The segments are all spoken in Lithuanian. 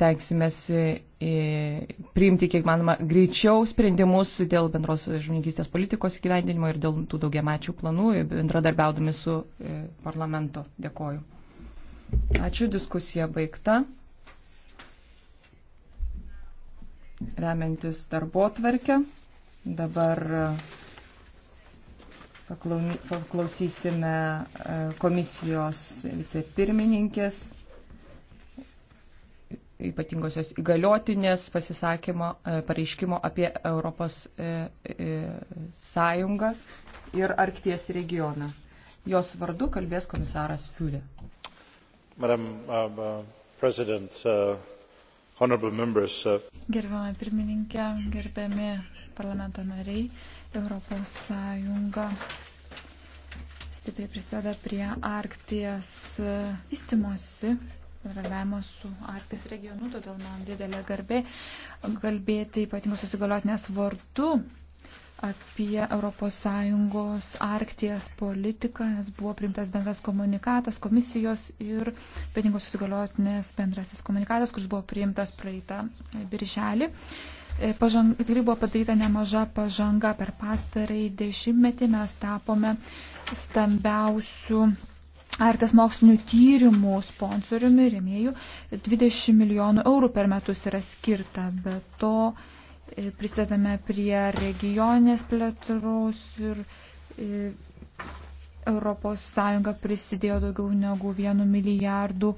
stengsimės e, e, priimti kiek manoma greičiau sprendimus dėl bendros žmogystės politikos įgyvendinimo ir dėl tų daugiamečių planų, e, bendradarbiaudami su parlamentu. Dėkoju. Ačiū, diskusija baigta. Remiantis darbo tvarkę, dabar paklausysime komisijos vicepirmininkės ypatingosios įgaliotinės pasisakymo, e, pareiškimo apie Europos e, e, sąjungą ir Arkties regioną. Jos vardu kalbės komisaras Fiulė. Madam uh, uh President, uh, honorable members. Uh... Gerbiamą pirmininkę, gerbiami parlamento nariai, Europos sąjunga stipriai prisideda prie Arkties uh, vystimosi bendradarbiavimo su Arktis regionu, todėl man didelė garbė kalbėti ypatingos susigaliotinės vardu apie ES Arkties politiką, nes buvo primtas bendras komunikatas komisijos ir ypatingos susigaliotinės bendrasis komunikatas, kuris buvo priimtas praeitą birželį. E, pažang, tikrai buvo padaryta nemaža pažanga per pastarąjį dešimtmetį, mes tapome stambiausių ar tas mokslinių tyrimų sponsoriumi, remėjų, 20 milijonų eurų per metus yra skirta. Be to e, prisidame prie regionės plėtros ir ES prisidėjo daugiau negu 1 milijardų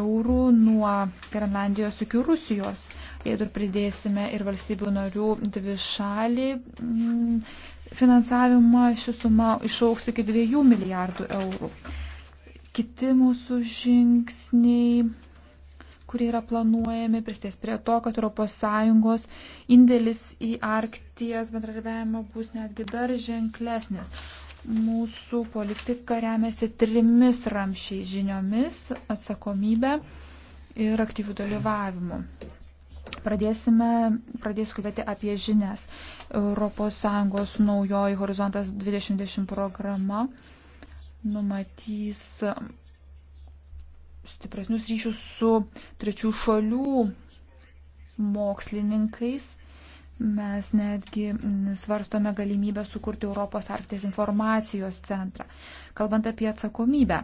eurų nuo Grenlandijos iki Rusijos. Jei dar pridėsime ir valstybių narių dvišalį mm, finansavimą, ši suma išauks iki 2 milijardų eurų. Kiti mūsų žingsniai, kurie yra planuojami, pristės prie to, kad ES indėlis į Arkties bendradarbiavimą bus netgi dar ženklesnis. Mūsų politika remiasi trimis ramšiais žiniomis, atsakomybė ir aktyvių dalyvavimų. Pradėsime, pradėsiu kalbėti apie žinias. ES naujoji Horizontas 2020 programa numatys um, stipresnius ryšius su trečių šalių mokslininkais. Mes netgi mm, svarstome galimybę sukurti Europos Arkties informacijos centrą. Kalbant apie atsakomybę,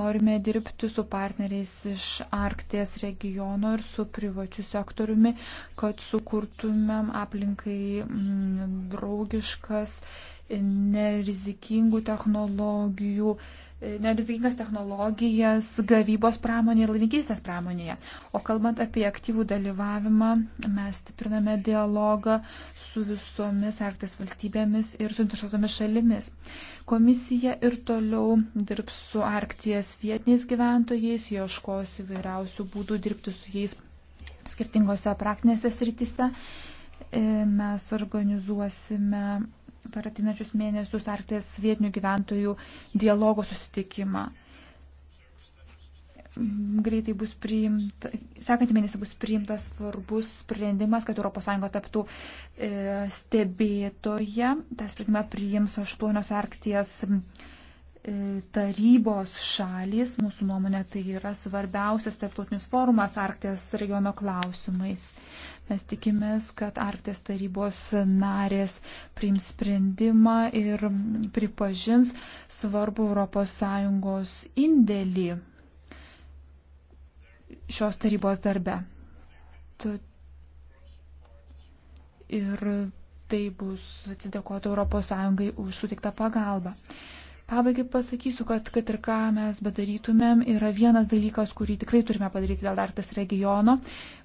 norime dirbti su partneriais iš Arkties regiono ir su privačiu sektoriumi, kad sukurtumėm aplinkai mm, draugiškas nerizikingų technologijų, nerizikingas technologijas gavybos pramonėje ir laivininkystės pramonėje. O kalbant apie aktyvų dalyvavimą, mes stipriname dialogą su visomis arktis valstybėmis ir su interesuotomis šalimis. Komisija ir toliau dirbs su arkties vietiniais gyventojais, ieškos įvairiausių būdų dirbti su jais skirtingose praktinėse srityse. E, mes organizuosime per atinačius mėnesius artės vietinių gyventojų dialogo susitikimą. Greitai bus priimta, sekantį mėnesį bus priimtas svarbus sprendimas, kad ES taptų e, stebėtoje. Ta sprendimą priims aštuonios arkties e, tarybos šalis. Mūsų nuomonė tai yra svarbiausias tarptautinis forumas arkties regiono klausimais. E, Mes tikimės, kad Arkties tarybos narės priims sprendimą ir pripažins svarbu ES indėlį šios tarybos darbe. Ir tai bus atsidėkoti ES už sutiktą pagalbą. Pabaigai pasakysiu, kad kad ir ką mes bedarytumėm, yra vienas dalykas, kurį tikrai turime padaryti dėl Arktis regiono,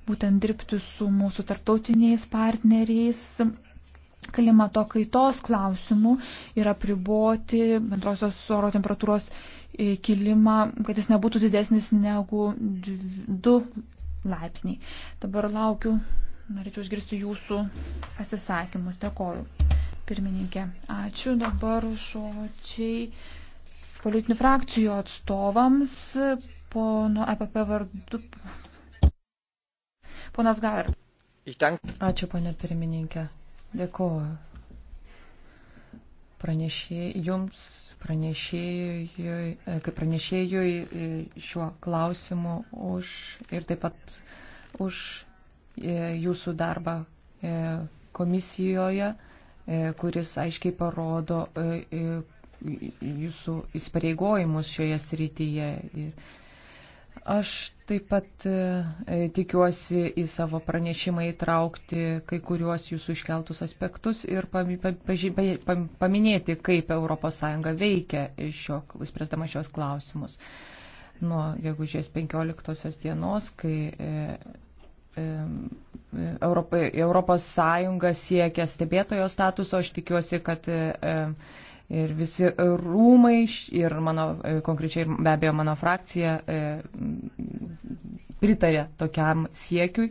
būtent dirbti su mūsų tarptautiniais partneriais klimato kaitos klausimų ir apriboti bendrosios oro temperatūros e, kilimą, kad jis nebūtų didesnis negu 2 laipsniai. Dabar laukiu, norėčiau išgirsti jūsų pasisakymus. Dėkoju. Pirmininkė, ačiū dabar žodžiai politinių frakcijų atstovams. Pono EPP vardu. Ponas Gavar. Ačiū, ponė pirmininkė. Dėkuoju pranešėjai, jums pranešėjui, kaip e, pranešėjui e, šiuo klausimu už ir taip pat už e, jūsų darbą komisijoje. E, kuris aiškiai parodo e, e, jūsų įsipareigojimus šioje srityje. Aš taip pat tikiuosi į savo pranešimą įtraukti kai kuriuos jūsų iškeltus aspektus ir paminėti, kaip ES veikia šio, spręsdama šios klausimus. Nuo gegužės 15 dienos, kai Europa, Europos Sąjunga siekia stebėtojo statuso, aš tikiuosi, kad ir visi rūmai, ir mano, e, konkrečiai be abejo mano frakcija e, pritarė tokiam siekiui.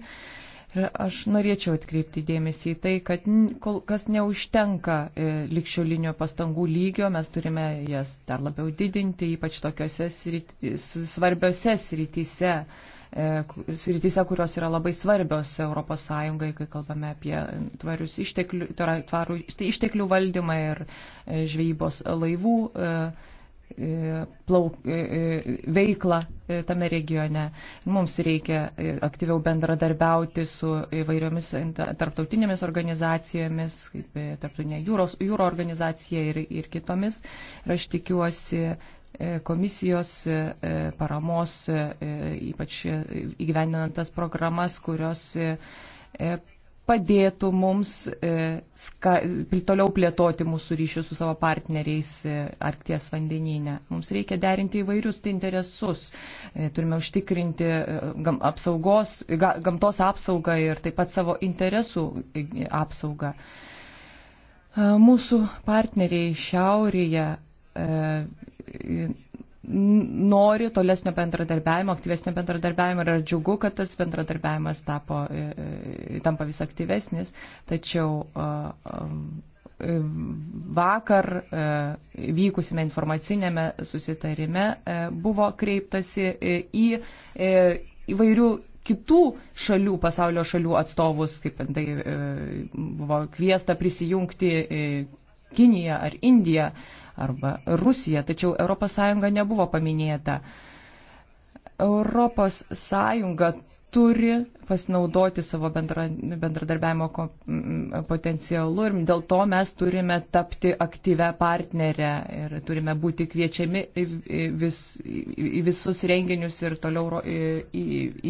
Ir aš norėčiau atkreipti dėmesį į tai, kad kol kas neužtenka e, likščiolinio pastangų lygio, mes turime jas dar labiau didinti, ypač tokiuose srity, svarbiose srityse. Srity, E, srityse, kurios yra labai svarbios ES, kai kalbame apie tvarius išteklių, tvarų tai išteklių valdymą ir e, žvejybos laivų e, plauk, veiklą tame regione. Mums reikia aktyviau bendradarbiauti su įvairiomis tarptautinėmis organizacijomis, kaip Tarptautinė jūros, jūro organizacija ir, ir kitomis. Ir aš tikiuosi E, komisijos e, e, paramos, ypač įgyvendinant tas programas, kurios padėtų mums ska, toliau plėtoti mūsų ryšius su savo partneriais Arkties vandenyne. Mums reikia derinti įvairius interesus. Turime užtikrinti gam, apsaugos, ga, gamtos apsaugą ir taip pat savo interesų apsaugą. Mūsų partneriai šiaurėje nori tolesnio bendradarbiavimo, aktyvesnio bendradarbiavimo ir yra džiugu, kad tas bendradarbiavimas tapo, e, e, tampa vis aktyvesnis, tačiau e, vakar vykusime informacinėme susitarime buvo kreiptasi į įvairių kitų šalių, pasaulio šalių atstovus, kaip tai buvo kviesta prisijungti Kinija ar Indija arba Rusija, tačiau ES nebuvo paminėta. ES turi pasinaudoti savo bendra, bendradarbiavimo potencialu ir dėl to mes turime tapti aktyvę partnerę ir turime būti kviečiami į vis, į visus renginius ir toliau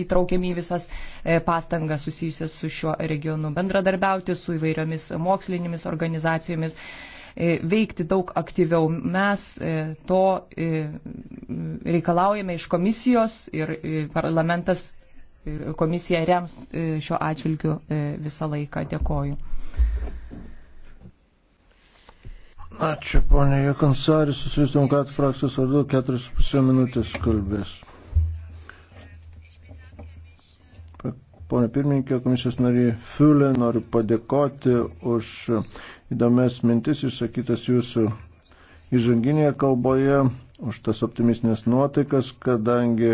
įtraukiami į visas e, pastangas susijusias su šiuo regionu, bendradarbiauti su įvairiomis mokslinėmis organizacijomis E, veikti daug aktyviau. Mes e, to e, reikalaujame iš komisijos ir parlamentas komisija rems šiuo atžvilgiu visą laiką. Dėkoju. Ačiū, ponė Jekonsaris, susivisom, kad frakcijos vardu 4,5 minutės kalbės. Pone pirmininkė, komisijos nariai Fiulė, noriu padėkoti už įdomias mintis išsakytas jūsų įžanginėje kalboje, už tas optimistinės nuotaikas, kadangi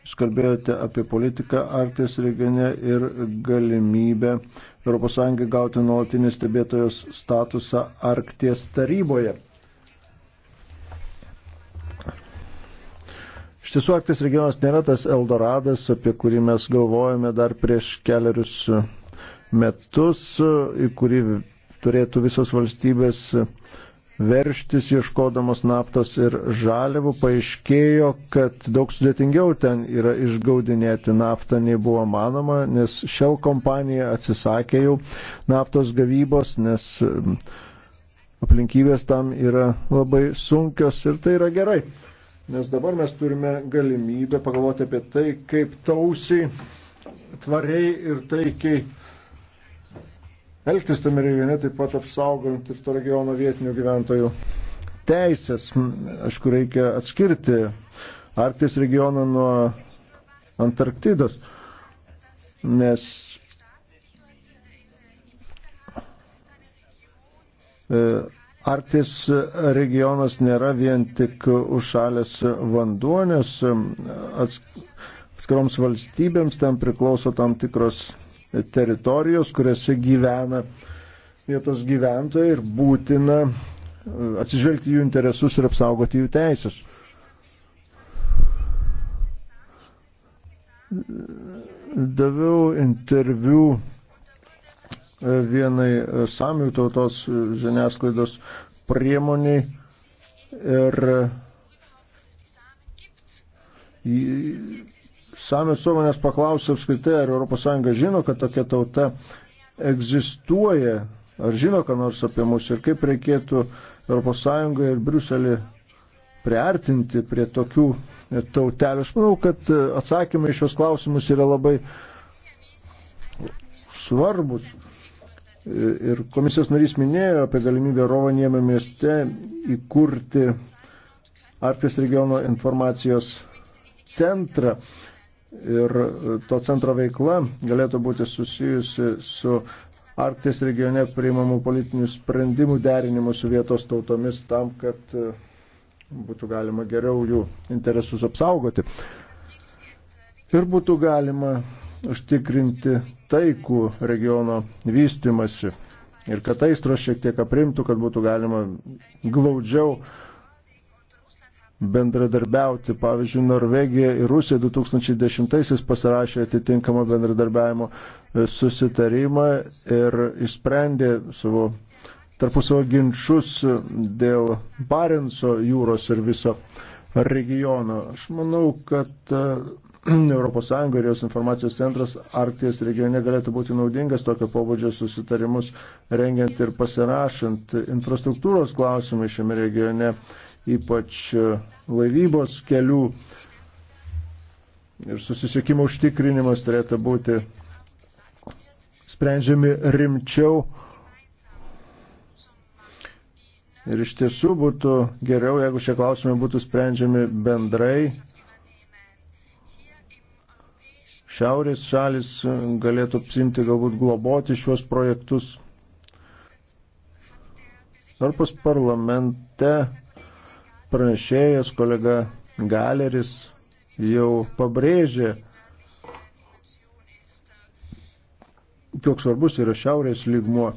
jūs kalbėjote apie politiką Arkties regione ir galimybę ES gauti nuolatinį stebėtojos statusą Arkties taryboje. Iš tiesų, Arktis regionas nėra tas Eldoradas, apie kurį mes galvojame dar prieš keliarius metus, į kurį turėtų visos valstybės verštis ieškodamos naftos ir žaliavų, paaiškėjo, kad daug sudėtingiau ten yra išgaudinėti naftą, nei buvo manoma, nes Shell kompanija atsisakė jau naftos gavybos, nes aplinkybės tam yra labai sunkios ir tai yra gerai. Nes dabar mes turime galimybę pagalvoti apie tai, kaip tausiai, tvariai ir taikiai elgtis tame regione, taip pat apsaugant ir to regiono vietinių gyventojų teisės. Aišku, reikia atskirti Arktis regioną nuo Antarktidos, nes e, Arktis regionas nėra vien tik užšalęs vanduonės, e, atskiroms valstybėms ten priklauso tam tikros teritorijos, kuriuose gyvena vietos gyventojai ir būtina e, atsižvelgti jų interesus ir apsaugoti jų teisės. Daviau interviu e, vienai e, samių tautos žiniasklaidos priemoniai ir Sami suomenės paklausė apskritai, ar ES žino, kad tokia tauta egzistuoja, ar žino, ką nors apie mus ir kaip reikėtų ES ir Briuselį priartinti prie tokių tautelių. Aš manau, kad atsakymai šios klausimus yra labai svarbus. Ir komisijos narys minėjo apie galimybę Rovaniemio mieste įkurti Arktis regiono informacijos centrą ir e, to centro veikla galėtų būti susijusi su Arktis regione priimamų politinių sprendimų derinimu su vietos tautomis tam, kad e, būtų galima geriau jų interesus apsaugoti. Ir būtų galima užtikrinti taikų regiono vystimasi. Ir kad aistros šiek tiek aprimtų, kad būtų galima glaudžiau uh, bendradarbiauti. Pavyzdžiui, Norvegija ir Rusija 2010-aisiais pasirašė atitinkamą bendradarbiavimo e, susitarimą ir išsprendė savo tarpusavo ginčius e, dėl Barenso jūros ir viso regiono. Aš manau, kad ES ir jos informacijos centras Arkties regione galėtų būti naudingas tokio pobūdžio susitarimus rengiant ir pasirašant infrastruktūros klausimai šiame regione ypač e, laivybos kelių ir susisiekimo užtikrinimas turėtų būti sprendžiami rimčiau. Ir iš tiesų būtų geriau, jeigu šie klausimai būtų sprendžiami bendrai. Šiaurės šalis galėtų apsimti galbūt globoti šiuos projektus. Europos parlamente pranešėjas, kolega Galeris jau pabrėžė, koks svarbus yra šiaurės lygmuo.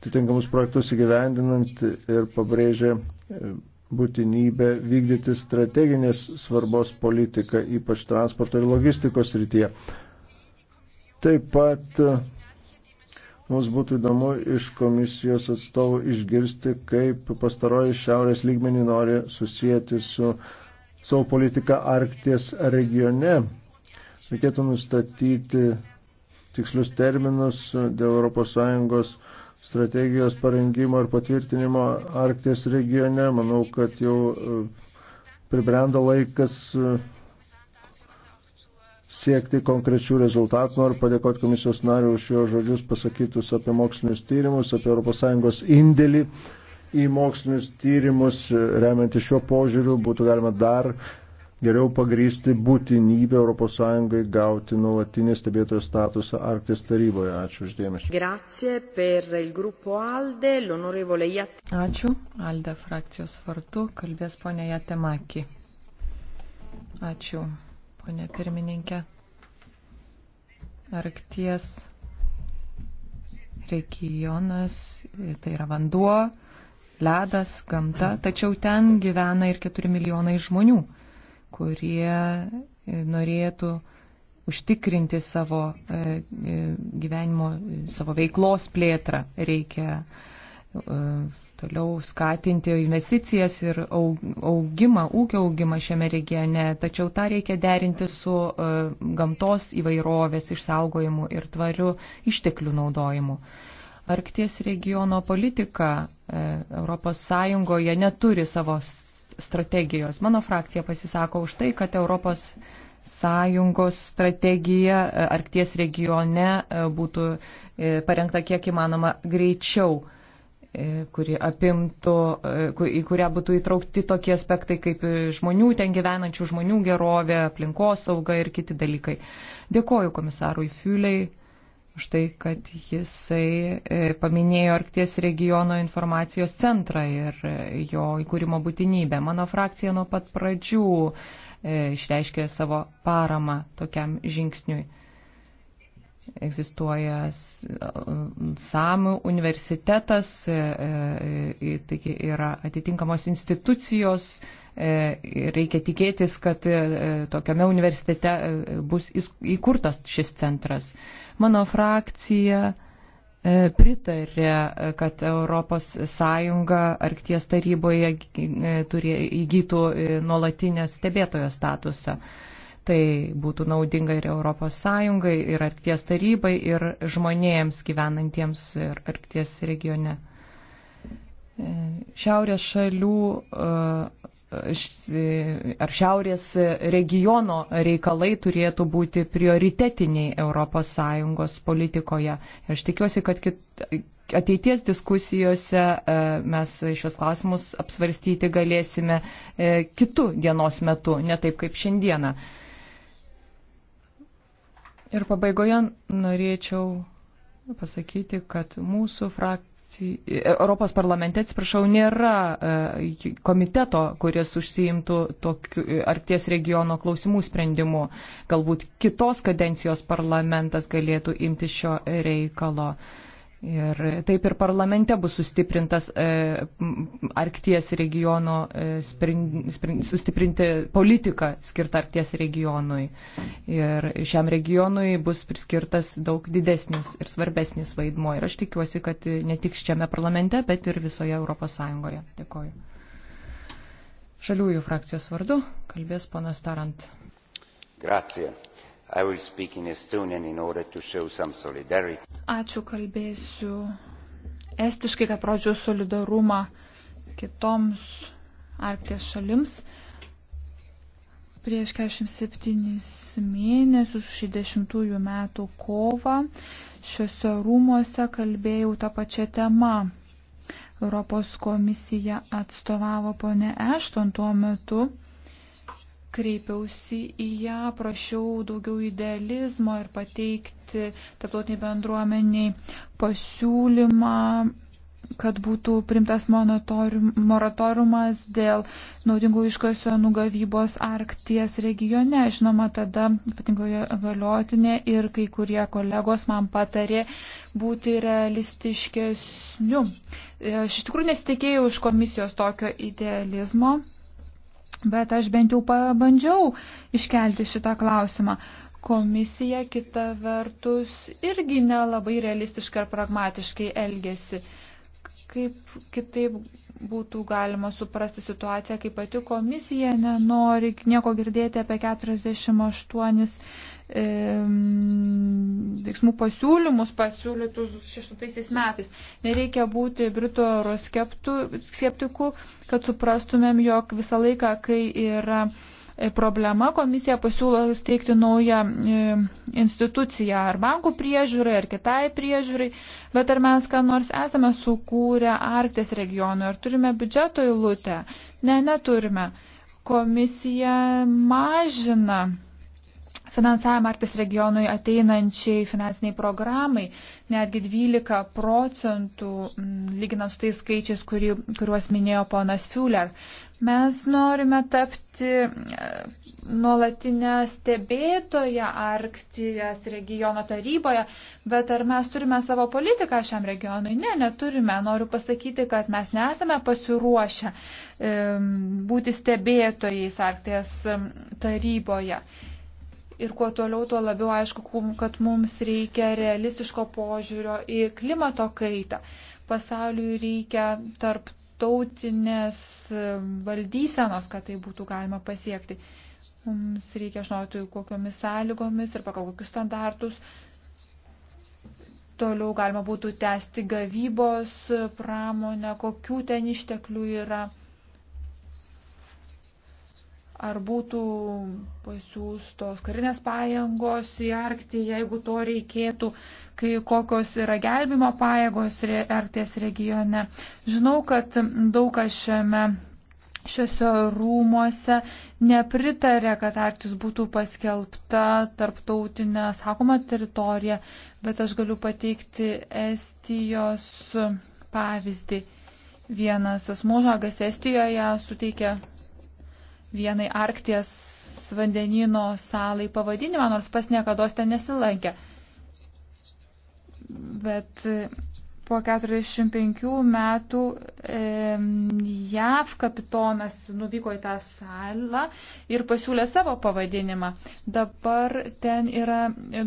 Atitinkamus projektus įgyvendinant ir pabrėžė e, būtinybę vykdyti strateginės svarbos politiką, ypač transporto ir logistikos rytyje. Taip pat Mums būtų įdomu iš komisijos atstovų išgirsti, kaip pastaroji šiaurės lygmenį nori susijęti su savo politika Arkties regione. Reikėtų nustatyti tikslius terminus dėl ES strategijos parengimo ir patvirtinimo Arkties regione. Manau, kad jau pribrendo laikas siekti konkrečių rezultatų. Noriu padėkoti komisijos nariu už jo žodžius pasakytus apie mokslinius tyrimus, apie ES indėlį į mokslinius tyrimus. Remianti šiuo požiūriu būtų galima dar geriau pagrysti būtinybę ES gauti nuolatinį stebėtojo statusą Arktis taryboje. Ačiū uždėmesį. Alde, Jat... Ačiū. Alde frakcijos vardu kalbės ponė Jatemaki. Ačiū ponė pirmininkė. Arkties regionas, tai yra vanduo, ledas, gamta, tačiau ten gyvena ir 4 milijonai žmonių, kurie e, norėtų užtikrinti savo e, e, gyvenimo, savo veiklos plėtrą. Reikia toliau skatinti investicijas ir augimą, ūkio augimą šiame regione, tačiau tą reikia derinti su e, gamtos įvairovės išsaugojimu ir tvariu išteklių naudojimu. Arkties regiono politika ES neturi savo strategijos. Mano frakcija pasisako už tai, kad ES sąjungos strategija e, Arkties regione e, būtų parengta kiek įmanoma greičiau. E, kuri apimtų, e, į kurią būtų įtraukti tokie aspektai kaip žmonių ten gyvenančių žmonių gerovė, aplinkosauga ir kiti dalykai. Dėkoju komisarui Fiuliai už tai, kad jisai e, paminėjo Arkties regiono informacijos centrą ir jo įkūrimo būtinybę. Mano frakcija nuo pat pradžių išreiškė savo paramą tokiam žingsniui egzistuoja SAMU universitetas, e, e, taigi yra atitinkamos institucijos, e, reikia tikėtis, kad tokiame universitete bus įkurtas šis centras. Mano frakcija pritarė, kad ES Arkties taryboje įgytų nuolatinę stebėtojo statusą. Tai būtų naudinga ir ES, ir Arkties tarybai, ir žmonėms gyvenantiems ir Arkties regione. E, šiaurės šalių e, e, ar šiaurės regiono reikalai turėtų būti prioritetiniai ES politikoje. Ir aš tikiuosi, kad kit, ateities diskusijose mes šios klausimus apsvarstyti galėsime kitų dienos metu, ne taip kaip šiandieną. Ir pabaigoje norėčiau pasakyti, kad mūsų frakcija, Europos parlamente, atsiprašau, nėra e, komiteto, kuris užsiimtų tokiu arkties regiono klausimų sprendimu. Galbūt kitos kadencijos parlamentas galėtų imti šio reikalo. Ir taip ir parlamente bus sustiprintas e, Arkties regiono, e, sprin, sprin, sustiprinti politika skirta Arkties regionui. Ir šiam regionui bus priskirtas daug didesnis ir svarbesnis vaidmo. Ir aš tikiuosi, kad ne tik šiame parlamente, bet ir visoje Europos Sąjungoje. Dėkoju. Šaliųjų frakcijos vardu kalbės ponas Tarant. Grazie. I will speak in Estonian in order to show some solidarity. Ačiū kalbėsiu estiškai, kad pradžiu solidarumą kitoms Arkties šalims. Prieš 47 mėnesius 60 metų kovą šiuose rūmuose kalbėjau tą pačią temą. Europos komisija atstovavo ponė Ešton tuo metu kreipiausi į ją, prašiau daugiau idealizmo ir pateikti tarptautiniai bendruomeniai pasiūlymą kad būtų primtas moratoriumas dėl naudingų iškasenų gavybos Arkties regione. Žinoma, tada ypatingoje galiotinė ir kai kurie kolegos man patarė būti realistiškesniu. Aš iš tikrųjų nesitikėjau iš komisijos tokio idealizmo Bet aš bent jau pabandžiau iškelti šitą klausimą. Komisija kita vertus irgi nelabai realistiškai ar pragmatiškai elgesi. Kaip kitaip būtų galima suprasti situaciją, kai pati komisija nenori nieko girdėti apie 48 veiksmų pasiūlymus pasiūlytus 6 metais. Nereikia būti Britų euroskeptikų, kad suprastumėm, jog visą laiką, kai yra e, problema, komisija pasiūlo steigti naują e, instituciją ar bankų priežiūrai, ar kitai priežiūrai, bet ar mes ką nors esame sukūrę Arktis regionui, ar turime biudžeto įlūtę? Ne, neturime. Komisija mažina finansavimą Arktis regionui ateinančiai finansiniai programai, netgi 12 procentų, mm, lyginant su tais skaičiais, kurį, kuriuos minėjo ponas Fuller. Mes norime tapti mm, nuolatinę stebėtoją Arktijos regiono taryboje, bet ar mes turime savo politiką šiam regionui? Ne, neturime. Noriu pasakyti, kad mes nesame pasiruošę būti stebėtojais Arktijos taryboje ir kuo toliau, tuo labiau aišku, kad mums reikia realistiško požiūrio į klimato kaitą. Pasauliui reikia tarptautinės um, valdysenos, kad tai būtų galima pasiekti. Mums reikia žinoti, kokiomis sąlygomis ir pagal kokius standartus. Toliau galima būtų tęsti gavybos pramonę, kokių ten išteklių yra ar būtų pasiūstos karinės pajėgos į Arktį, jeigu to reikėtų, kai kokios yra gelbimo pajėgos Arkties regione. Žinau, kad daug kas šiame. Šiuose rūmuose nepritarė, kad Arktis būtų paskelbta tarptautinė sakoma teritorija, bet aš galiu pateikti Estijos pavyzdį. Vienas asmuo žagas Estijoje suteikė vienai Arkties vandenino salai pavadinimą, nors pas niekada ten nesilankė. Bet e, po 45 metų e, JAV kapitonas nuvyko į tą salą ir pasiūlė savo pavadinimą. Dabar ten yra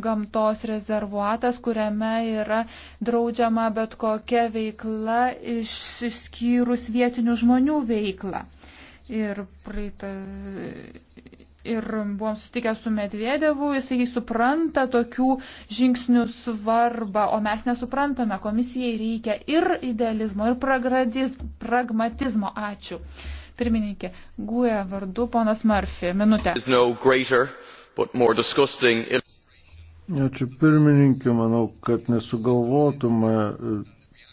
gamtos rezervuatas, kuriame yra draudžiama bet kokia veikla iš, išskyrus vietinių žmonių veiklą. E, ir praeitą. Ir buvom susitikę su Medvedevu, jisai supranta tokių žingsnių svarbą, o mes nesuprantame, komisijai reikia ir idealizmo, ir pragmatizmo. Ačiū. Pirmininkė, guė vardu ponas Murphy. Minutė. Ačiū pirmininkė, manau, kad nesugalvotume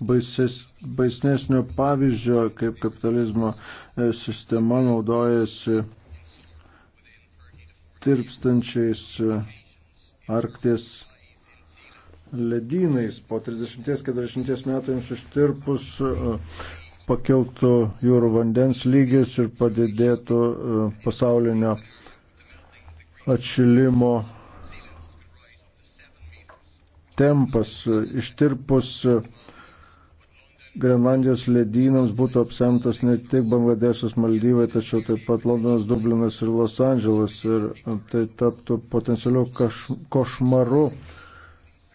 baises, baisnesnio pavyzdžio, kaip kapitalizmo e, sistema naudojasi tirpstančiais e, Arkties ledynais. Po 30-40 metų jums ištirpus e, pakiltų jūrų vandens lygis ir padidėtų pasaulinio atšilimo tempas. Ištirpus uh, Grenlandijos ledynams būtų apsemtas ne tik Bangladešas, Maldyvai, tačiau taip pat Londonas, Dublinas ir Los Andželas. Ir tai taptų potencialiu kaš, košmaru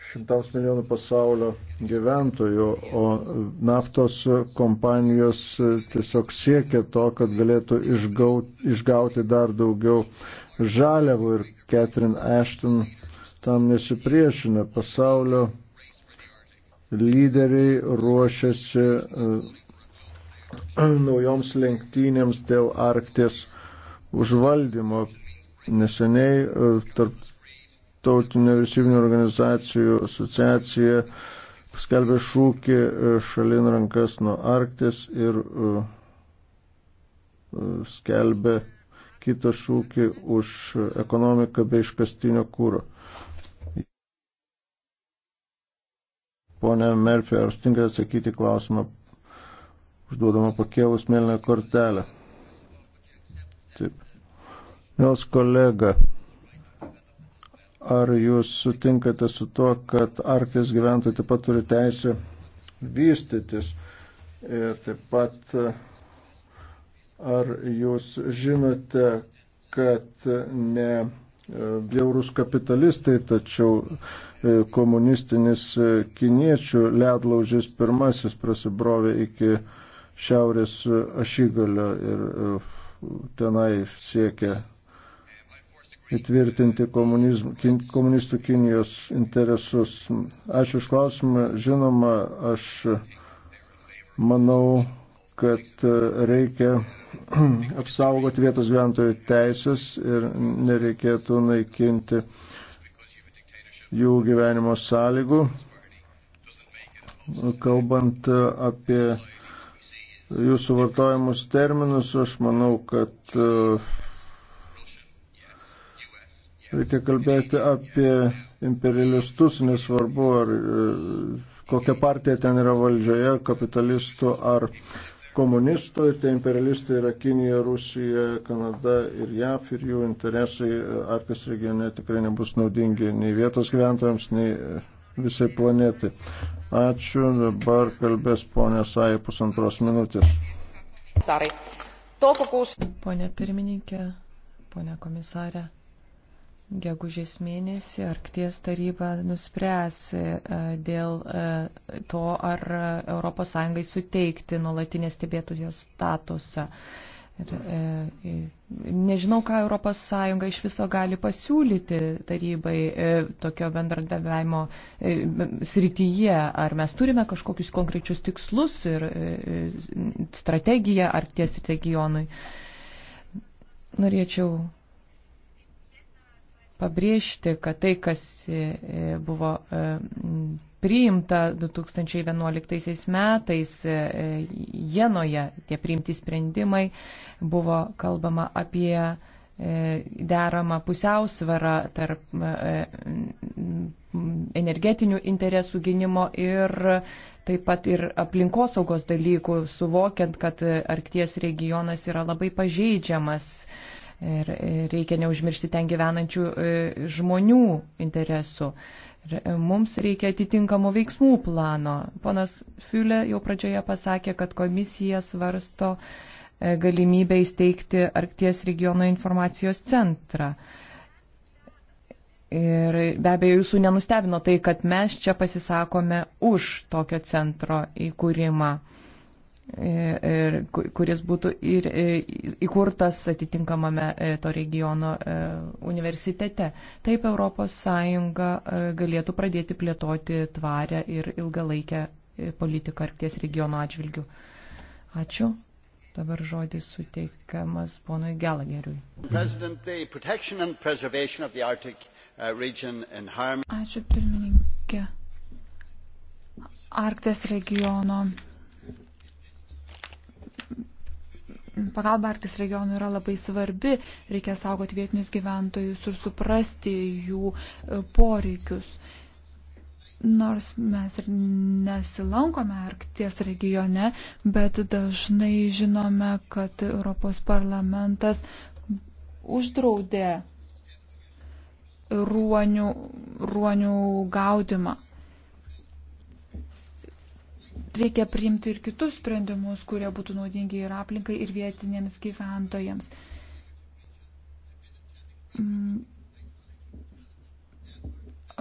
šimtams milijonų pasaulio gyventojų, o naftos kompanijos tiesiog siekia to, kad galėtų išgauti, išgauti dar daugiau žaliavų ir Catherine Ashton tam nesipriešina. Pasaulio lyderiai ruošiasi e, naujoms lenktynėms dėl Arkties užvaldymo. Neseniai e, tarptautinio vyriausybinio organizacijų asociacija skelbė šūkį e, šalin rankas nuo Arktis ir skelbė kitą šūkį už ekonomiką bei iškastinio kūro. Pone Merfė, ar stinga atsakyti klausimą, užduodama pakėlus mėlyną kortelę? Taip. Jos kolega, ar jūs sutinkate su tuo, kad Arktis gyventojai taip pat turi teisę vystytis? Ir taip pat, ar jūs žinote, kad ne E, bjaurus kapitalistai, tačiau e, komunistinis e, kiniečių ledlaužis pirmasis prasibrovė iki šiaurės ašigalio ir tenai siekia įtvirtinti kin, komunistų Kinijos interesus. Ačiū už klausimą. Žinoma, aš manau, kad e, reikia apsaugoti vietos gyventojų teisės ir nereikėtų naikinti jų gyvenimo sąlygų. Kalbant e, apie jūsų vartojimus terminus, aš manau, kad e, reikia kalbėti apie imperialistus, nesvarbu, ar kokia partija ten yra valdžioje, kapitalistų ar uh, komunistų ir tie imperialistai yra Kinija, Rusija, Kanada ir JAF ir jų interesai Arktis regione tikrai nebus naudingi nei vietos gyventojams, nei e, visai planetai. Ačiū, dabar kalbės ponė Sai pusantros minutės. Sari. Tokokuus. Pone pirmininkė, pone komisarė gegužės mėnesį Arkties taryba nuspręs e, dėl e, to, ar ES suteikti nuolatinės stebėtojos statusą. Ir, e, nežinau, ką ES iš viso gali pasiūlyti tarybai tokio bendradarbiavimo srityje. Ar mes turime kažkokius konkrečius tikslus ir strategiją ar ties regionui. Norėčiau pabrėžti, kad tai, kas e, e, buvo e, priimta 2011 metais Jenoje, tie priimti sprendimai, buvo kalbama apie deramą pusiausvarą tarp energetinių interesų gynimo ir taip pat ir aplinkosaugos dalykų, suvokiant, kad Arkties regionas yra labai pažeidžiamas Ir e, reikia neužmiršti ten gyvenančių e, žmonių interesų. Ir e, mums reikia atitinkamo veiksmų plano. Ponas Fiulė jau pradžioje pasakė, kad komisija svarsto galimybę įsteigti Arkties regiono informacijos centrą. Ir be abejo, jūsų nenustebino tai, kad mes čia pasisakome už tokio centro įkūrimą. E, ir, kuris būtų ir, e, įkurtas atitinkamame e, to regiono universitete. Taip ES galėtų pradėti plėtoti tvarę ir ilgalaikę politiką Arkties regiono atžvilgių. Ačiū. Dabar žodis suteikiamas ponui Gelageriui. Uh, Ačiū pirmininkė. Arkties regiono pagalba Arktis regionui yra labai svarbi. Reikia saugoti vietinius gyventojus ir suprasti jų e, poreikius. Nors mes ir nesilankome Arkties regione, bet dažnai žinome, kad Europos parlamentas uždraudė ruonių, ruonių gaudimą reikia priimti ir kitus sprendimus, kurie būtų naudingi ir aplinkai, ir vietiniams gyventojams. Mm.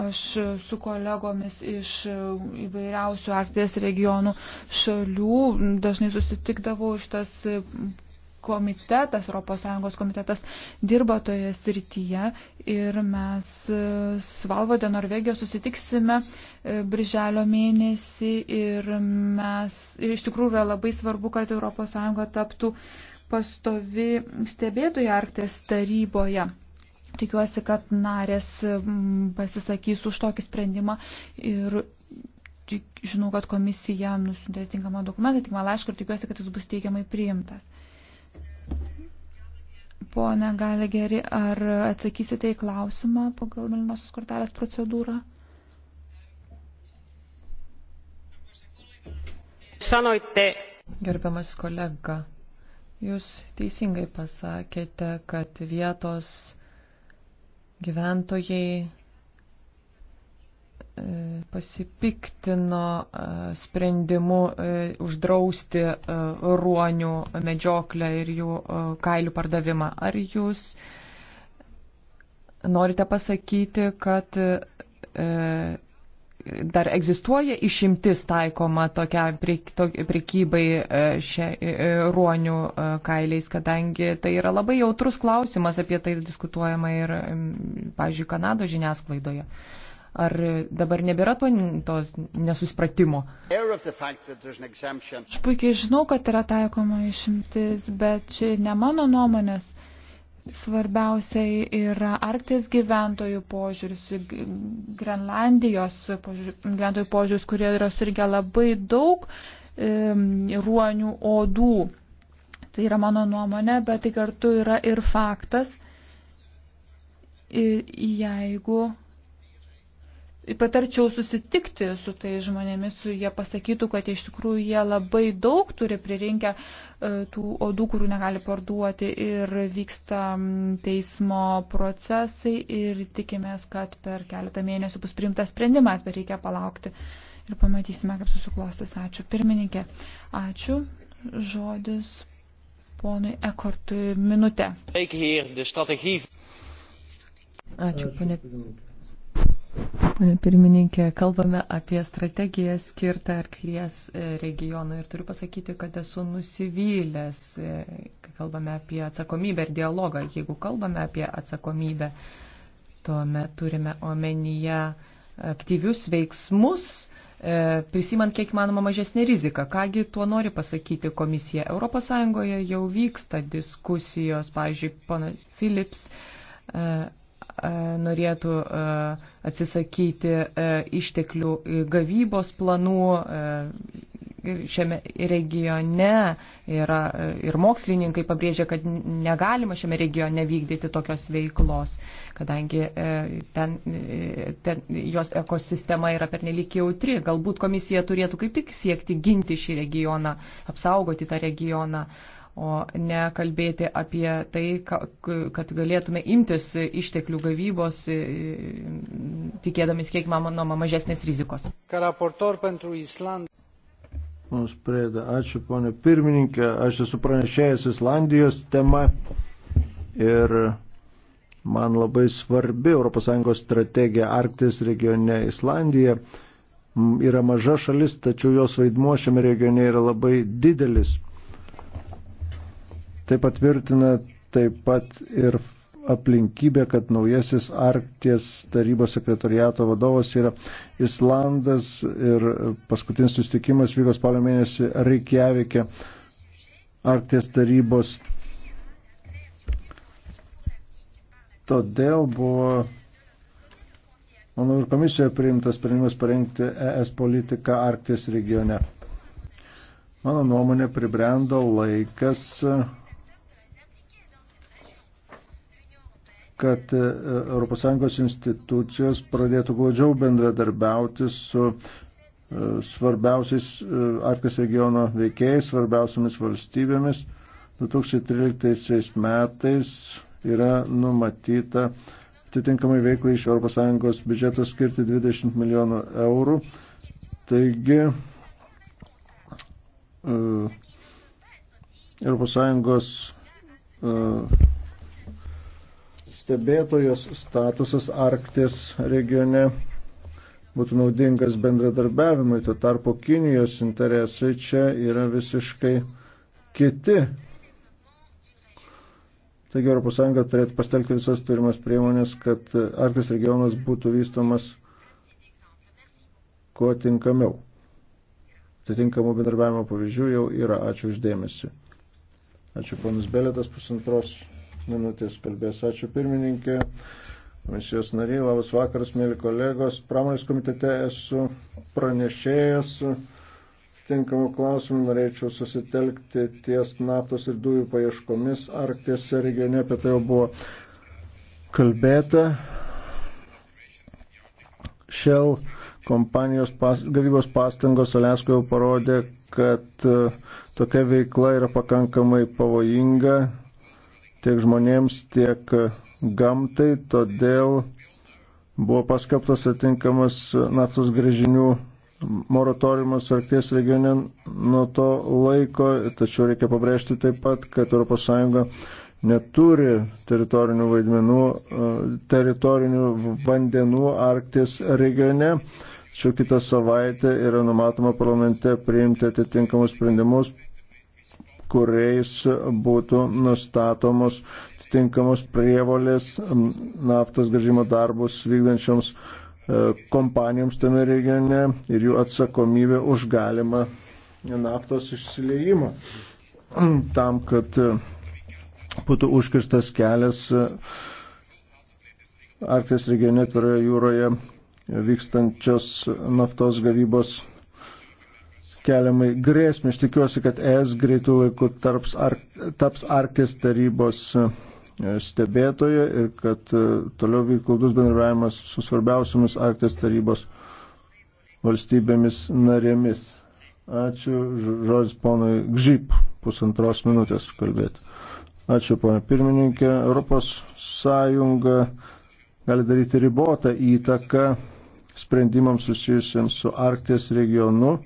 Aš su kolegomis iš įvairiausių Arkties regionų šalių dažnai susitikdavau iš tas komitetas, ES komitetas dirba toje srityje ir mes e, Svalvodė Norvegijos susitiksime e, birželio mėnesį ir mes, ir iš tikrųjų yra labai svarbu, kad ES taptų pastovi stebėtoja Arktės taryboje. Tikiuosi, kad narės pasisakys už tokį sprendimą ir žinau, kad komisija nusintė tinkamą dokumentą, tinkamą laišką ir tikiuosi, kad jis bus teigiamai priimtas. Pone Galegeri, ar atsakysite į klausimą pagal Melinosios kortelės procedūrą? Sanoitte. Gerbiamas kolega, jūs teisingai pasakėte, kad vietos gyventojai E, pasipiktino e, sprendimu e, uždrausti ruonių medžioklę ir jų kailių pardavimą. Ar jūs norite pasakyti, kad dar egzistuoja išimtis taikoma tokia prekybai šia, ruonių kailiais, kadangi tai yra labai jautrus klausimas, apie tai diskutuojama ir, pažiūrėjau, Kanados žiniasklaidoje. Ar dabar nebėra to, tos nesuspratimo? Aš puikiai žinau, kad yra taikoma išimtis, bet čia ne mano nuomonės. Svarbiausia yra Arktis gyventojų požiūris, Grenlandijos požiūris, gyventojų požiūris, kurie yra surgę labai daug e, ruonių odų. Tai yra mano nuomonė, bet tai kartu yra ir faktas. Ir jeigu patarčiau susitikti su tai žmonėmis, su jie pasakytų, kad iš tikrųjų jie labai daug turi pririnkę e, tų odų, kurių negali parduoti ir vyksta teismo procesai ir tikimės, kad per keletą mėnesių bus priimtas sprendimas, bet reikia palaukti ir pamatysime, kaip susiklostis. Ačiū pirmininkė. Ačiū. Žodis ponui Ekortui minutę. Ačiū, ponė. Pane pirmininkė, kalbame apie strategiją skirtą Arkties e, regionui ir turiu pasakyti, kad esu nusivylęs, e, kai kalbame apie atsakomybę ir dialogą. Jeigu kalbame apie atsakomybę, tuomet turime omenyje aktyvius veiksmus, e, prisimant kiek manoma mažesnį riziką. Kągi tuo nori pasakyti komisija. ES jau vyksta diskusijos, pavyzdžiui, ponas Philips norėtų atsisakyti e, išteklių e, gavybos planų. E, ir šiame regione yra ir mokslininkai pabrėžia, kad negalima šiame regione vykdyti tokios veiklos, kadangi ten, ten jos ekosistema yra pernelik jautri. Galbūt komisija turėtų kaip tik siekti ginti šį regioną, apsaugoti tą regioną o ne kalbėti apie tai, kad galėtume imtis išteklių gavybos, e, tikėdamis kiek manoma mažesnės rizikos. Mums prėda, ačiū ponė pirmininkė, aš esu pranešėjęs Islandijos tema ir man labai svarbi ES strategija Arktis regione Islandija. Yra maža šalis, tačiau jos vaidmuo šiame regione yra labai didelis Tai patvirtina taip pat ir aplinkybė, kad naujasis Arkties tarybos sekretoriato vadovas yra Islandas ir paskutinis sustikimas vyko spalio mėnesį Reikjavikė Arkties tarybos. Todėl buvo, manau, ir komisijoje priimtas sprendimas parengti ES politiką Arkties regione. Mano nuomonė pribrendo laikas kad ES institucijos pradėtų glaudžiau bendradarbiauti su e, svarbiausiais e, Arktis regiono veikėjais, svarbiausiamis valstybėmis. 2013 metais yra numatyta atitinkamai veiklai iš ES biudžeto skirti 20 milijonų eurų. Taigi, ES stebėtojos statusas Arktis regione būtų naudingas bendradarbiavimui, tuo tarpu Kinijos interesai čia yra visiškai kiti. Taigi ES turėtų pastelkti visas turimas priemonės, kad Arktis regionas būtų vystomas kuo tinkamiau. Atitinkamų bendarbiavimo pavyzdžių jau yra. Ačiū uždėmesi. Ačiū ponas Belėtas, pusantros minutės kalbės. Ačiū pirmininkė, komisijos nariai, labas vakaras, mėly kolegos. Pramonės komitete esu pranešėjęs. Tinkamų klausimų norėčiau susitelkti ties naftos ir dujų paieškomis Arkties regione, apie tai jau buvo kalbėta. Shell kompanijos pas, gavybos pastangos Aleskoje parodė, kad e, tokia veikla yra pakankamai pavojinga tiek žmonėms, tiek gamtai, todėl buvo paskaptas atinkamas naftos grėžinių moratoriumas Arkties regione nuo to laiko, tačiau reikia pabrėžti taip pat, kad ES neturi teritorinių vaidmenų, teritorinių vandenų Arkties regione. Šiuo kitą savaitę yra numatoma parlamente priimti atitinkamus sprendimus kuriais būtų nustatomos tinkamos prievolės naftos gražimo darbus vykdančioms e, kompanijoms tame regione ir jų atsakomybė už galimą naftos išsileimą. Tam, kad e, būtų užkirstas kelias e, Arkties regione atviroje jūroje vykstančios naftos gavybos keliamai grėsmė. Aš tikiuosi, kad ES greitų laikų tarps, ar, taps Arktis tarybos e, stebėtoje ir kad e, toliau vykaldus bendravimas su svarbiausiamis Arktis tarybos valstybėmis narėmis. Ačiū, žodis ponui Gžyp, pusantros minutės kalbėti. Ačiū, ponė pirmininkė. Europos Sąjunga gali daryti ribotą įtaką sprendimams susijusiems su Arkties regionu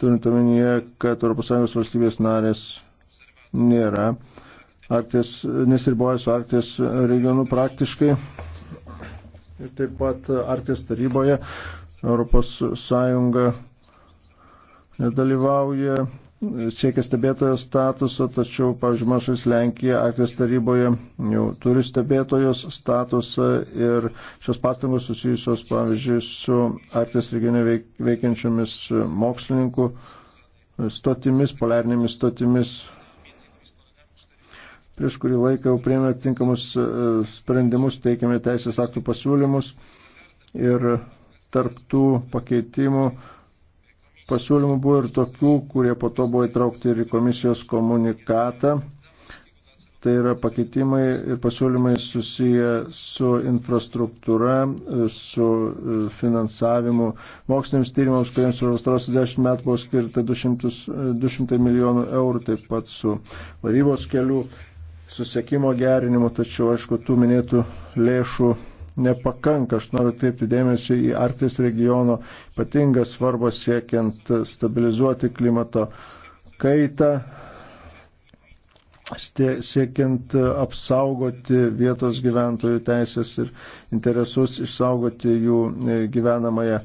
turint omenyje, kad ES valstybės narės nėra. Arktis nesiriboja su Arktis regionu praktiškai. Ir taip pat Arktis taryboje ES nedalyvauja siekia stebėtojo statuso, tačiau, pavyzdžiui, mažas Lenkija akvės taryboje jau turi stebėtojos statusą ir šios pastangos susijusios, pavyzdžiui, su akvės regione veikiančiomis mokslininkų stotimis, poliarnėmis stotimis. Prieš kurį laiką jau priėmė tinkamus e, sprendimus, teikėme teisės aktų pasiūlymus ir tarptų pakeitimų Pasiūlymų buvo ir tokių, kurie po to buvo įtraukti ir į komisijos komunikatą. Tai yra pakeitimai ir pasiūlymai susiję su infrastruktūra, su e, finansavimu moksliniams tyrimams, kuriems per pastarosius 10 metų buvo skirta 200, 200 e, milijonų eurų, taip pat su laivybos kelių susiekimo gerinimu, tačiau, aišku, tų minėtų lėšų nepakanka. Aš noriu kreipti dėmesį į Arktis regiono ypatingą svarbą siekiant stabilizuoti klimato kaitą, siekiant apsaugoti vietos gyventojų teisės ir interesus, išsaugoti jų gyvenamąją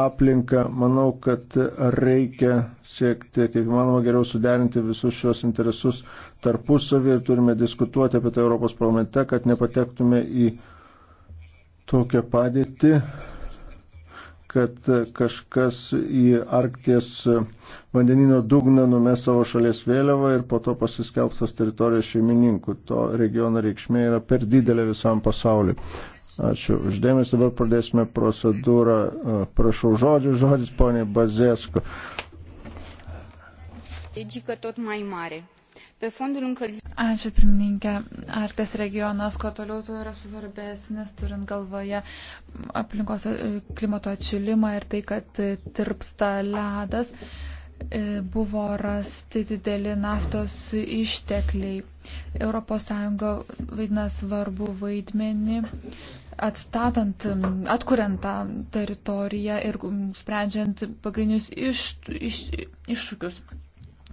aplinką. Manau, kad reikia siekti, kaip įmanoma, geriau suderinti visus šios interesus tarpusavį ir turime diskutuoti apie tai Europos parlamente, kad nepatektume į tokią padėtį, kad kažkas į Arkties vandenino dugną numes savo šalies vėliavą ir po to pasiskelbstos teritorijos šeimininkų. To regiono reikšmė yra per didelė visam pasauliu. Ačiū uždėmesi, dabar pradėsime procedūrą. Prašau žodžių, žodis poniai Bazėsko. Deci că tot mai mare. Ačiū pirmininkė. Ar tas regionas, kuo toliau, tuo yra svarbesnis, turint galvoje aplinkos e, klimato atšilimą ir tai, kad e, tirpsta ledas, e, buvo rasti dideli naftos ištekliai. ES vaidina svarbu vaidmenį atstatant, atkuriant tą teritoriją ir sprendžiant pagrindinius iš, iš, iššūkius.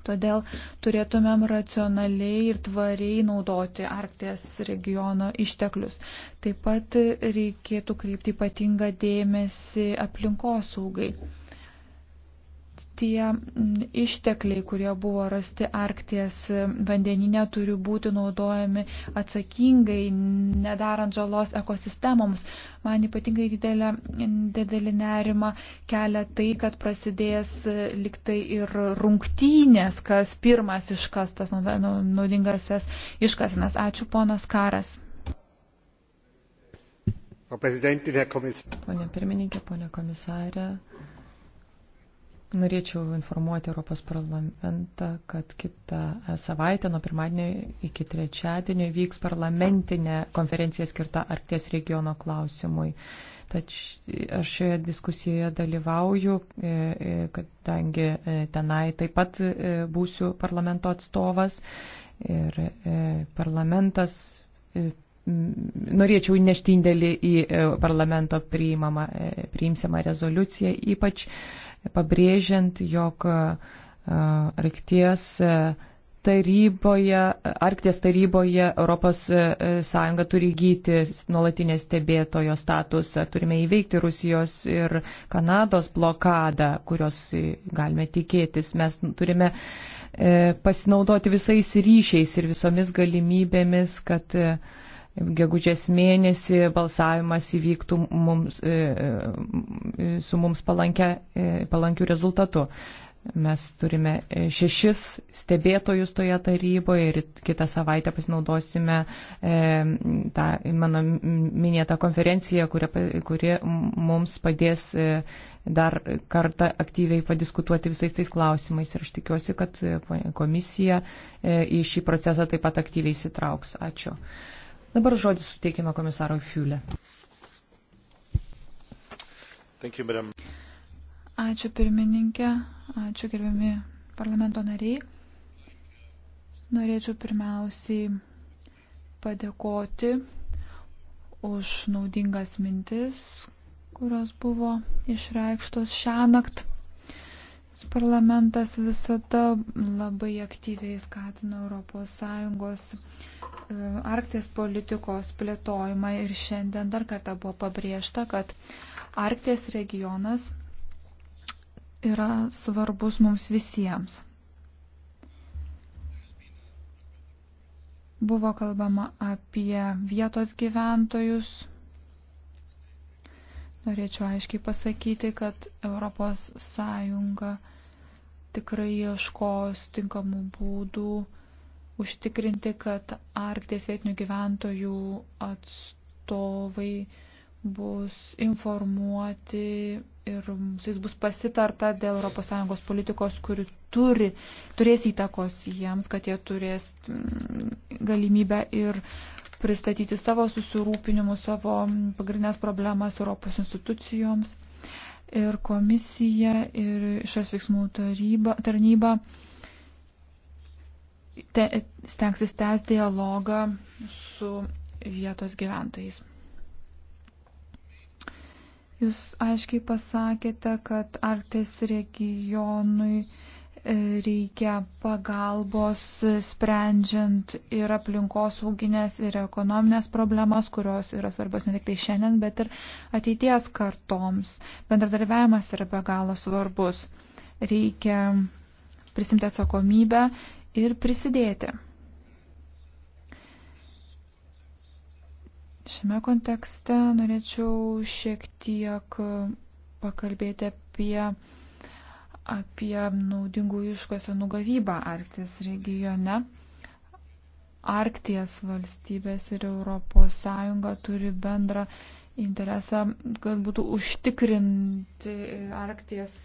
Todėl turėtumėm racionaliai ir tvariai naudoti Arkties regiono išteklius. Taip pat reikėtų kreipti ypatingą dėmesį aplinkosaugai tie ištekliai, kurie buvo rasti Arkties vandeninė, turi būti naudojami atsakingai, nedarant žalos ekosistemoms. Man ypatingai didelė, didelį nerimą kelia tai, kad prasidės e, liktai ir rungtynės, kas pirmas iškastas naudingasias iškasinas. Ačiū, ponas Karas. Pone pirmininkė, pone komisarė, Norėčiau informuoti Europos parlamentą, kad kitą savaitę nuo pirmadienio iki trečiadienio vyks parlamentinė konferencija skirta Arkties regiono klausimui. Tačiau aš šioje diskusijoje dalyvauju, e, e, kadangi e, tenai taip pat būsiu parlamento atstovas ir parlamentas norėčiau įnešti indėlį į parlamento priimamą, priimsiamą rezoliuciją, ypač pabrėžiant, jog Arkties taryboje, Arkties taryboje ES turi gyti nuolatinės stebėtojo statusą. Turime įveikti Rusijos ir Kanados blokadą, kurios galime tikėtis. Mes turime pasinaudoti visais ryšiais ir visomis galimybėmis, kad uh, gegužės mėnesį balsavimas įvyktų mums, e, e, su mums palankia, e, palankiu rezultatu. Mes turime šešis stebėtojus toje taryboje ir kitą savaitę pasinaudosime e, tą mano minėtą konferenciją, kuri, kuri mums padės e, dar kartą aktyviai padiskutuoti visais tais klausimais. Ir aš tikiuosi, kad komisija e, į šį procesą taip pat aktyviai įsitrauks. Ačiū. Dabar žodis suteikime komisarui Fiulė. Ačiū pirmininkė, ačiū gerbiami parlamento nariai. Norėčiau pirmiausiai padėkoti už naudingas mintis, kurios buvo išreikštos šią naktį. Parlamentas visada labai aktyviai skatino ES E, Arkties politikos plėtojimą ir šiandien dar kartą buvo pabrėžta, kad Arkties regionas yra svarbus mums visiems. Buvo kalbama apie vietos gyventojus. Norėčiau aiškiai pasakyti, kad ES tikrai ieškos tinkamų būdų užtikrinti, kad Arkties vietinių gyventojų atstovai bus informuoti ir jais bus pasitarta dėl ES politikos, kuri turi, turės įtakos jiems, kad jie turės mm, galimybę ir pristatyti savo susirūpinimus, savo pagrindinės problemas Europos institucijoms. Ir komisija, ir išras veiksmų taryba, tarnyba te, stengsis tęs dialogą su vietos gyventojais. Jūs aiškiai pasakėte, kad Arktis regionui e, reikia pagalbos sprendžiant ir aplinkosauginės, ir ekonominės problemas, kurios yra svarbios ne tik tai šiandien, bet ir ateities kartoms. Bendradarbiavimas yra be galo svarbus. Reikia prisimti atsakomybę ir prisidėti. Šiame kontekste norėčiau šiek tiek pakalbėti apie, apie naudingų iškasenų gavybą Arktis regione. Arkties valstybės ir ES turi bendrą interesą, kad būtų užtikrinti Arkties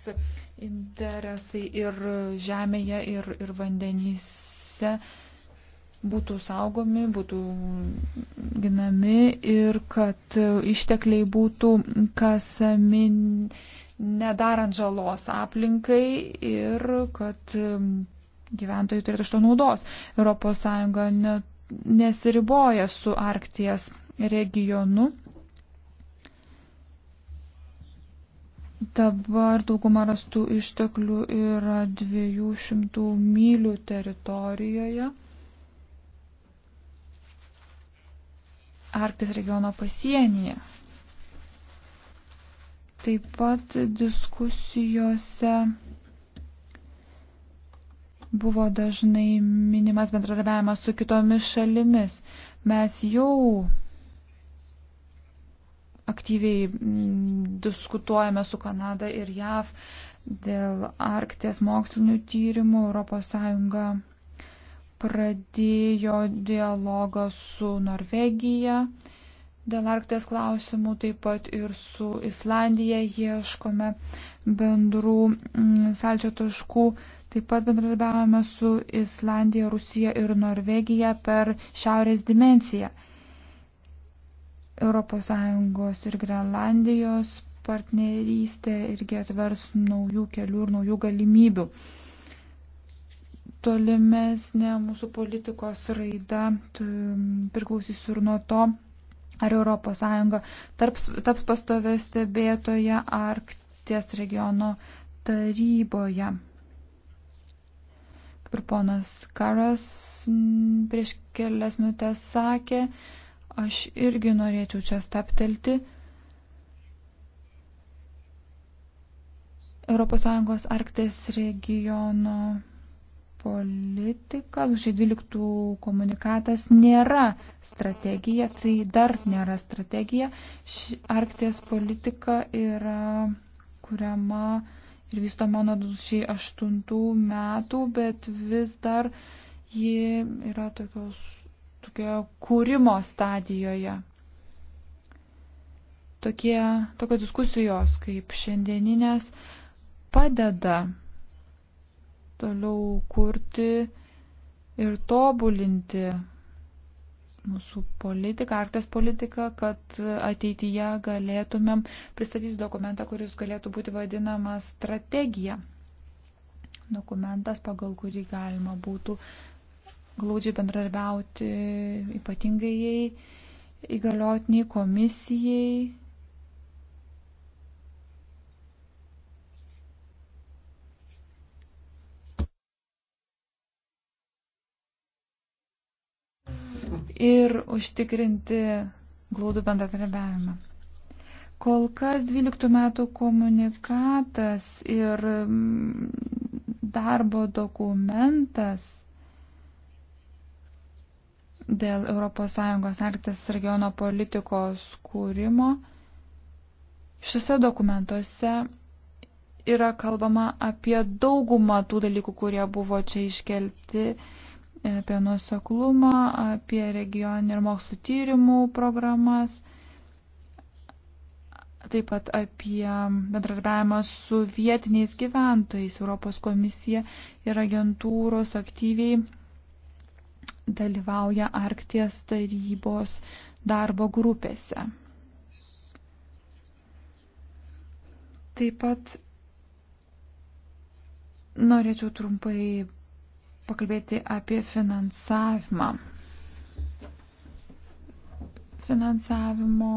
interesai ir žemėje, ir, ir vandenyse būtų saugomi, būtų ginami ir kad ištekliai būtų kasami nedarant žalos aplinkai ir kad gyventojai turėtų iš to naudos. ES nesiriboja su Arkties regionu Dabar dauguma rastų išteklių yra 200 mylių teritorijoje. Arktis regiono pasienyje. Taip pat diskusijose buvo dažnai minimas bendradarbiavimas su kitomis šalimis. Mes jau aktyviai mm, diskutuojame su Kanada ir JAV dėl Arkties mokslinių tyrimų. ES pradėjo dialogą su Norvegija dėl Arkties klausimų, taip pat ir su Islandija ieškome bendrų mm, salčio taškų. Taip pat bendradarbiavame su Islandija, Rusija ir Norvegija per šiaurės dimenciją. ES ir Grenlandijos partnerystė irgi atvers naujų kelių ir naujų galimybių. Tolimesnė mūsų politikos raida priklausys ir nuo to, ar ES tarps, taps pastovė stebėtoje Arkties regiono taryboje. Kaip ir ponas Karas prieš kelias minutės sakė, Aš irgi norėčiau čia staptelti. ES Arktės regiono politika, 2012 komunikatas nėra strategija, tai dar nėra strategija. Ši Arkties politika yra kuriama ir vystoma nuo 2008 metų, bet vis dar ji yra tokios tokioje kūrimo stadijoje. Tokie, tokios diskusijos kaip šiandieninės padeda toliau kurti ir tobulinti mūsų politiką, arkties politiką, kad ateityje galėtumėm pristatyti dokumentą, kuris galėtų būti vadinamas strategija. Dokumentas, pagal kurį galima būtų uh, glaudžiai bendradarbiauti ypatingai jai, įgaliotiniai komisijai. Ir užtikrinti glaudų bendradarbiavimą. Kol kas 12 metų komunikatas ir darbo dokumentas dėl ES Arktis regiono politikos kūrimo. Šiuose dokumentuose yra kalbama apie daugumą tų dalykų, kurie buvo čia iškelti, e, apie nuoseklumą, apie regioninį ir mokslo tyrimų programas, taip pat apie bendradarbiavimą su vietiniais gyventojais. Europos komisija ir agentūros aktyviai dalyvauja Arkties tarybos darbo grupėse. Taip pat norėčiau trumpai pakalbėti apie finansavimą. Finansavimo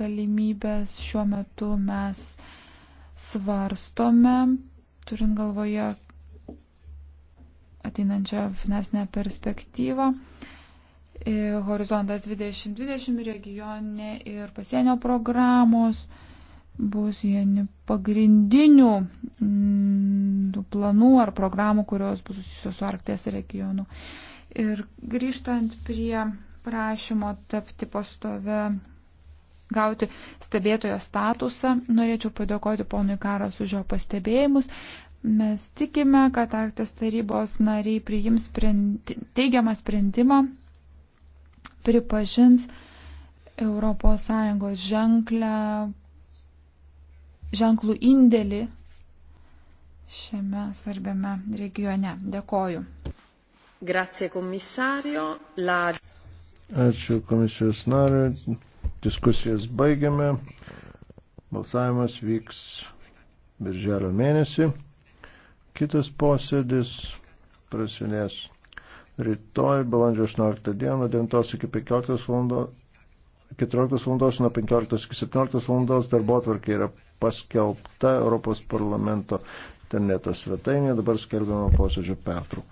galimybės šiuo metu mes svarstome, turint galvoje, ateinančią finansinę perspektyvą. E, horizontas 2020 regioninė ir pasienio programos bus vieni pagrindinių mm, planų ar programų, kurios bus susijusios su Arkties regionu. Ir grįžtant prie prašymo tapti pastove, gauti stebėtojo statusą, norėčiau padėkoti ponui Karas už jo pastebėjimus. Mes tikime, kad Arktis tarybos nariai priims sprendi, teigiamą sprendimą, pripažins ES ženklę, ženklų indėlį šiame svarbiame regione. Dėkoju. Grazie, komisario. La... Ačiū komisijos nariui. Diskusijas baigiame. Balsavimas vyks birželio mėnesį. Kitas posėdis prasidės rytoj, balandžio 18 dieną, 9 iki 15 val. 14 val. nuo 15 iki 17 val. darbo atvarkė yra paskelbta Europos parlamento interneto svetainė, dabar skelbiama posėdžio pertrauka.